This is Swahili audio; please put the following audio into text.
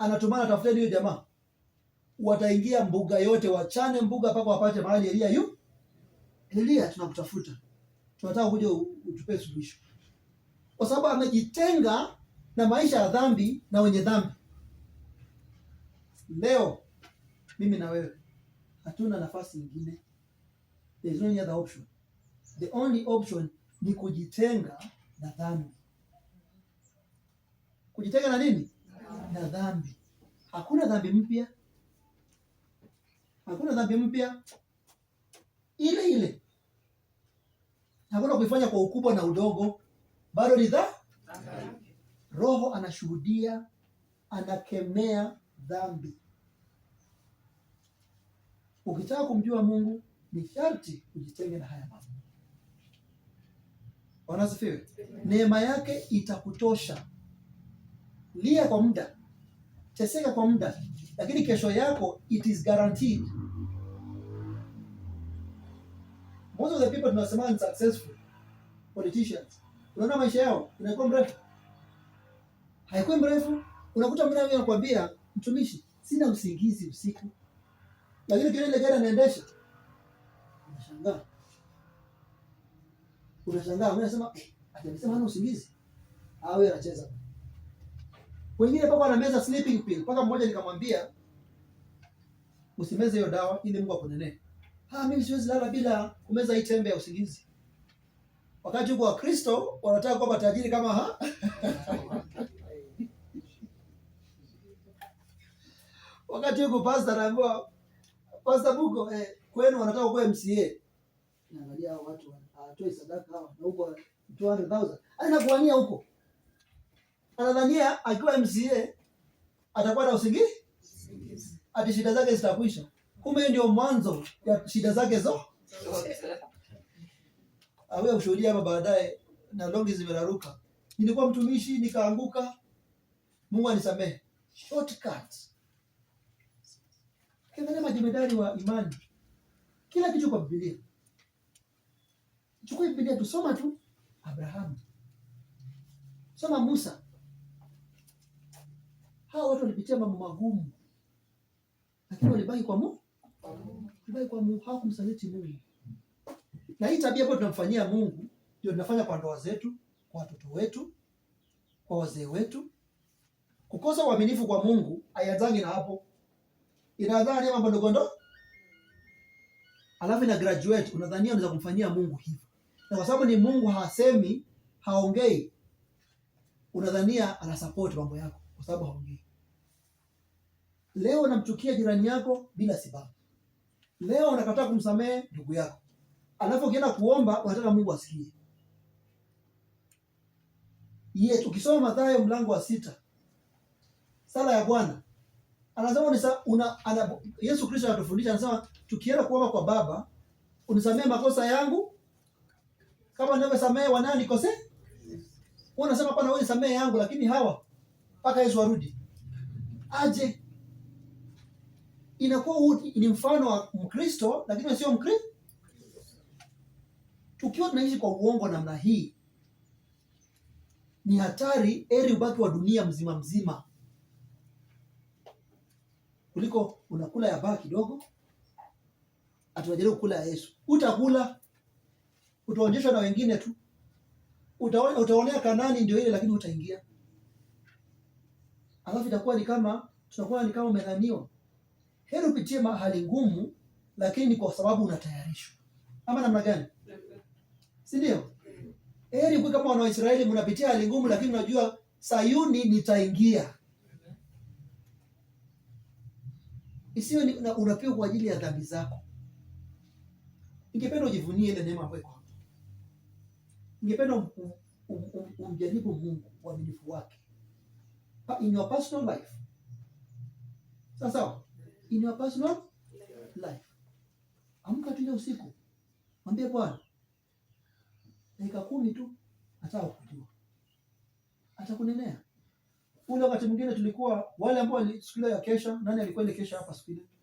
anatumana tafuteni hiyo jamaa, wataingia mbuga yote, wachane mbuga mpaka wapate mahali Elia yu Elia, tunakutafuta tunataka kuja utupe suluhisho, kwa sababu amejitenga na maisha ya dhambi na wenye dhambi. Leo mimi na wewe hatuna nafasi nyingine, there is no other option. The only option ni kujitenga na dhambi, kujitenga na nini? na dhambi. Hakuna dhambi mpya, hakuna dhambi mpya, ile ile. Hakuna kuifanya kwa ukubwa na udogo, bado ni dhambi. Roho anashuhudia, anakemea dhambi. Ukitaka kumjua Mungu ni sharti ujitenge na haya mambo. Wanasifiwe. Neema yake itakutosha. Lia kwa muda teseka kwa muda, lakini kesho yako it is guaranteed. Most of the people tunasema ni successful politicians, unaona maisha yao inakuwa mrefu, haikuwa mrefu, unakuta mimi nakwambia mtumishi, sina usingizi usiku, lakini kile ile gari anaendesha, unashangaa unashangaa, mimi nasema eh, atakisema hana usingizi, awe anacheza wengine mpaka wanameza sleeping pill. Mpaka mmoja nikamwambia usimeze hiyo dawa ili Mungu akunene. Ah, mimi siwezi lala bila kumeza hii tembe ya usingizi. Wakati huko Kristo wanataka kuwa matajiri kama ha wakati huko pastor anaambiwa pastor buko eh, kwenu wanataka kuwa MCA. Naangalia hao watu hawatoi ah, sadaka hawa na huko 200,000. Ana kuania huko. Anadhania akiwa MCA atakuwa na usingi ati shida zake zitakwisha. Kumbe ndio mwanzo ya shida zake zo awe ushuhudia hapa baadaye, na longi zimeraruka. Nilikuwa mtumishi nikaanguka, Mungu anisamehe. Shortcut. Kiangalia majemedari wa imani, kila kitu kwa Biblia. Chukua Biblia tusoma tu, Abrahamu soma Musa hawa watu walipitia mambo magumu, lakini walibaki kwa Mungu, walibaki kwa Mungu, hawakumsaliti Mungu. Na hii tabia ambayo tunamfanyia Mungu ndio tunafanya kwa ndoa zetu, kwa watoto wetu, kwa wazee wetu. Kukosa uaminifu kwa Mungu haianzangi na hapo, inaanzana mambo ndogo ndogo, alafu ina graduate, unadhania unaweza kumfanyia Mungu hivyo, na kwa sababu ni Mungu hasemi, haongei, unadhania anasupport mambo yako kwa sababu haongei. Leo unamchukia jirani yako bila sababu. Leo unakataa kumsamehe ndugu yako, alafu ukienda kuomba unataka Mungu asikie. Ye, tukisoma Mathayo mlango wa sita sala ya Bwana anasema unisa, una, ana, Yesu Kristo anatufundisha anasema, tukienda kuomba kwa Baba, unisamehe makosa yangu kama ninavyosamehe wanaonikosea. Unasema kwa na wewe samehe yangu, lakini hawa mpaka Yesu arudi aje. Inakuwa ni mfano wa Mkristo lakini sio Mkristo. Tukiwa tunaishi kwa uongo namna hii ni hatari, heri ubaki wa dunia mzima mzima kuliko unakula ya baa kidogo, atuwajaribu kula ya Yesu. Utakula, utaonjeshwa na wengine tu, utaonea Kanani ndio ile, lakini utaingia alafu itakuwa ni kama tunakuwa ni kama umedhaniwa. Heri upitie mahali ngumu, lakini kwa sababu unatayarishwa, ama namna gani, si ndio? Heri kwa kama wana Israeli, mnapitia hali ngumu, lakini unajua Sayuni nitaingia. Isiyo ni unapewa kwa ajili ya dhambi zako. Ningependa ujivunie ile neema ambayo iko hapo. Ningependa um, um, um, umjaribu Mungu uaminifu wake in your personal life. Sawa in your personal life. Amka tu ile usiku, mwambie Bwana, dakika kumi tu atakujua, atakunenea. Ule wakati mwingine tulikuwa wale ambao siku ya kesha, nani alikuwa ile kesha hapa siku ile